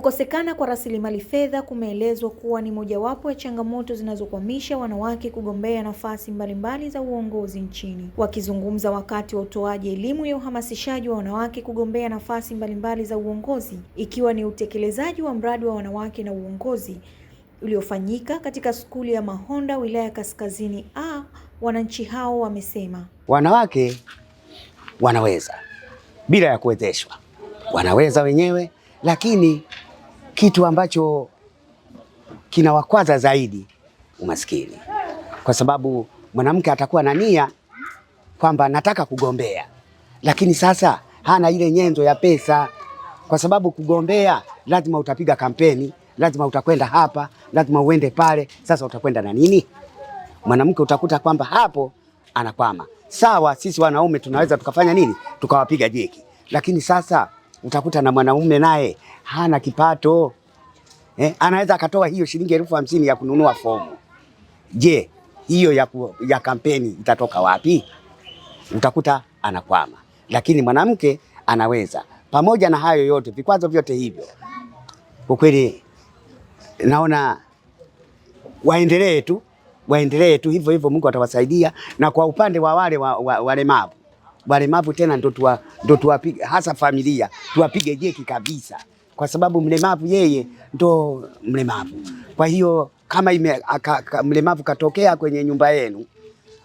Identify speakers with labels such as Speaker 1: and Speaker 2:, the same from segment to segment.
Speaker 1: Kukosekana kwa rasilimali fedha kumeelezwa kuwa ni mojawapo ya changamoto zinazokwamisha wanawake kugombea nafasi mbalimbali za uongozi nchini. Wakizungumza wakati wa utoaji elimu ya uhamasishaji wa wanawake kugombea nafasi mbalimbali za uongozi, ikiwa ni utekelezaji wa mradi wa wanawake na uongozi uliofanyika katika skuli ya Mahonda, wilaya ya Kaskazini A, wananchi hao wamesema
Speaker 2: wanawake wanaweza bila ya kuwezeshwa, wanaweza wenyewe lakini kitu ambacho kinawakwaza zaidi umaskini, kwa sababu mwanamke atakuwa na nia kwamba nataka kugombea, lakini sasa hana ile nyenzo ya pesa, kwa sababu kugombea lazima utapiga kampeni, lazima utakwenda hapa, lazima uende pale. Sasa utakwenda na nini? Mwanamke utakuta kwamba hapo anakwama. Sawa, sisi wanaume tunaweza tukafanya nini, tukawapiga jeki, lakini sasa utakuta na mwanaume naye hana kipato eh, anaweza akatoa hiyo shilingi elfu hamsini ya kununua fomu. Je, hiyo ya, ku, ya kampeni itatoka wapi? Utakuta anakwama. Lakini mwanamke anaweza. Pamoja na hayo yote, vikwazo vyote hivyo, kwa kweli naona waendelee tu, waendelee tu hivyo hivyo, Mungu atawasaidia. Na kwa upande wa wale walemavu wa, wa walemavu tena ndo tuwa, ndo tuwapige hasa familia tuwapige jeki kabisa, kwa sababu mlemavu yeye ndo mlemavu. Kwa hiyo kama ime, aka, ka, mlemavu katokea kwenye nyumba yenu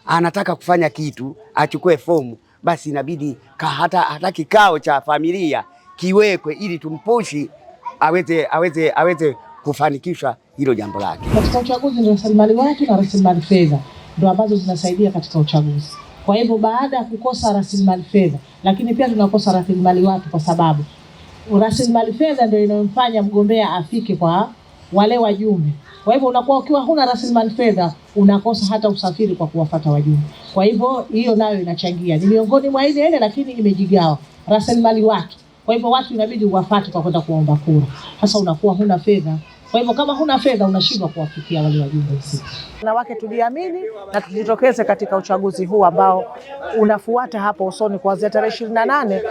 Speaker 2: anataka kufanya kitu achukue fomu, basi inabidi ka, hata, hata kikao cha familia kiwekwe ili tumpushi aweze, aweze, aweze kufanikishwa hilo jambo lake
Speaker 3: katika uchaguzi. Ndio rasilimali watu na rasilimali fedha ndio ambazo zinasaidia katika uchaguzi. Kwa hivyo baada ya kukosa rasilimali fedha, lakini pia tunakosa rasilimali watu, kwa sababu rasilimali fedha ndio inayomfanya mgombea afike kwa wale wajumbe. Kwa hivyo unakuwa ukiwa huna rasilimali fedha, unakosa hata usafiri kwa kuwafata wajumbe. Kwa hivyo hiyo nayo inachangia, ni miongoni mwa ile ile, lakini imejigawa rasilimali watu. Kwa hivyo watu inabidi uwafate kwa kwenda kuomba kura, sasa unakuwa huna fedha. Kwa hivyo kama huna fedha unashindwa kuwafikia wale wajumbe husika.
Speaker 4: Wanawake tujiamini na tujitokeze katika uchaguzi huu ambao unafuata hapo usoni kuanzia tarehe ishirini na nane.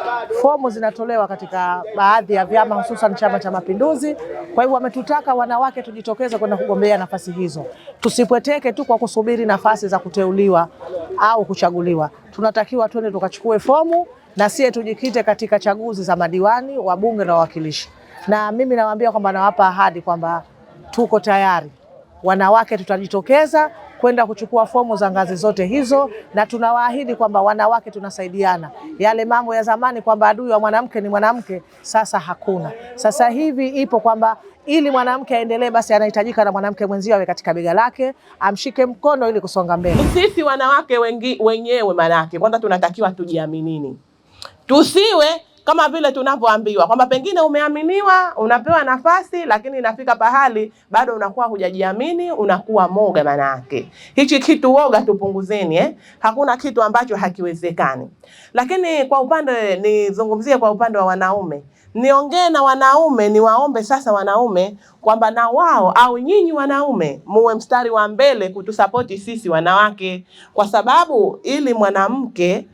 Speaker 4: Fomu zinatolewa katika baadhi ya vyama hususan Chama cha Mapinduzi. Kwa hivyo wametutaka wanawake tujitokeze kwenda kugombea nafasi hizo, tusipweteke tu kwa kusubiri nafasi za kuteuliwa au kuchaguliwa. Tunatakiwa twende tukachukue fomu na sie tujikite katika chaguzi za madiwani, wabunge na wawakilishi na mimi nawaambia kwamba nawapa ahadi kwamba tuko tayari, wanawake tutajitokeza kwenda kuchukua fomu za ngazi zote hizo, na tunawaahidi kwamba wanawake tunasaidiana. Yale mambo ya zamani kwamba adui wa mwanamke ni mwanamke, sasa hakuna. Sasa hivi ipo kwamba ili mwanamke aendelee, basi anahitajika na mwanamke mwenzio awe katika bega lake, amshike mkono ili kusonga mbele.
Speaker 5: Sisi wanawake wengi wenyewe, maanake kwanza tunatakiwa tujiaminini, tusiwe kama vile tunavyoambiwa kwamba pengine umeaminiwa, unapewa nafasi, lakini inafika pahali bado unakuwa hujajiamini, unakuwa moga. Maana yake hichi kitu woga tupunguzeni, eh? Hakuna kitu ambacho hakiwezekani. Lakini kwa upande nizungumzie, kwa upande wa wanaume, niongee na wanaume, niwaombe sasa wanaume kwamba na wao au nyinyi wanaume muwe mstari wa mbele kutusapoti sisi wanawake, kwa sababu ili mwanamke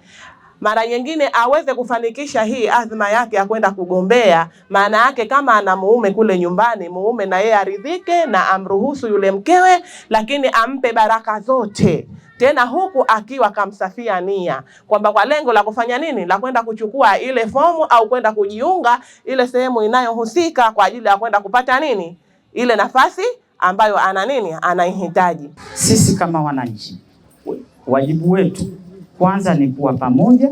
Speaker 5: mara nyingine aweze kufanikisha hii azma yake ya kwenda kugombea. Maana yake kama ana muume kule nyumbani, muume na yeye aridhike na amruhusu yule mkewe, lakini ampe baraka zote tena huku akiwa kamsafia nia kwamba kwa lengo la kufanya nini, la kwenda kuchukua ile fomu au kwenda kujiunga ile sehemu inayohusika kwa ajili ya kwenda kupata nini, ile nafasi ambayo ana nini, anaihitaji.
Speaker 6: Sisi kama wananchi, wajibu wetu kwanza ni kuwa pamoja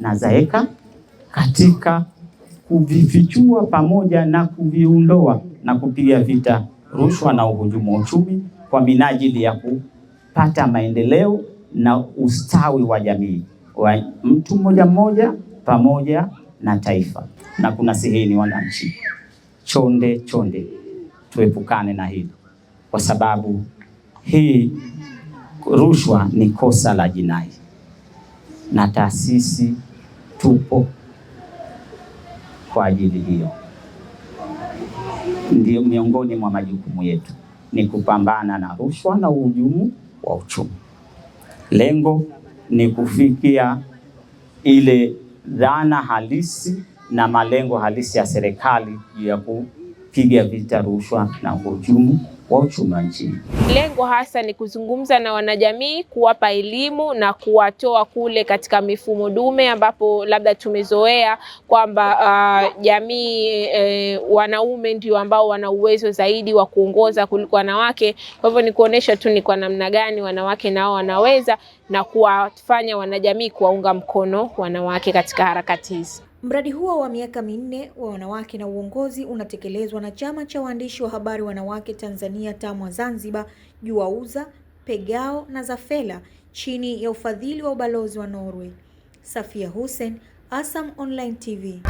Speaker 6: na Zaeka katika kuvifichua pamoja na kuviondoa na kupiga vita rushwa na uhujumu wa uchumi kwa minajili ya kupata maendeleo na ustawi wa jamii wa mtu mmoja mmoja pamoja na taifa. Na kuna sehemu wananchi, chonde chonde, tuepukane na hilo, kwa sababu hii rushwa ni kosa la jinai na taasisi tupo kwa ajili hiyo. Ndio miongoni mwa majukumu yetu ni kupambana na rushwa na uhujumu wa uchumi. Lengo ni kufikia ile dhana halisi na malengo halisi ya serikali ya kupiga vita rushwa na uhujumu wa uchumi nchini.
Speaker 7: Lengo hasa ni kuzungumza na wanajamii, kuwapa elimu na kuwatoa kule katika mifumo dume ambapo labda tumezoea kwamba ah, jamii eh, wanaume ndio ambao wana uwezo zaidi wa kuongoza kuliko wanawake. Kwa hivyo ni kuonesha tu ni kwa namna gani wanawake nao wanaweza na kuwafanya wanajamii kuwaunga mkono wanawake katika harakati hizi.
Speaker 1: Mradi huo wa miaka minne wa wanawake na uongozi unatekelezwa na Chama cha Waandishi wa Habari Wanawake Tanzania TAMWA Zanzibar, JUAUZA, PEGAO na ZAFELA chini ya ufadhili wa Ubalozi wa Norway. Safia Hussein, ASAM Online TV.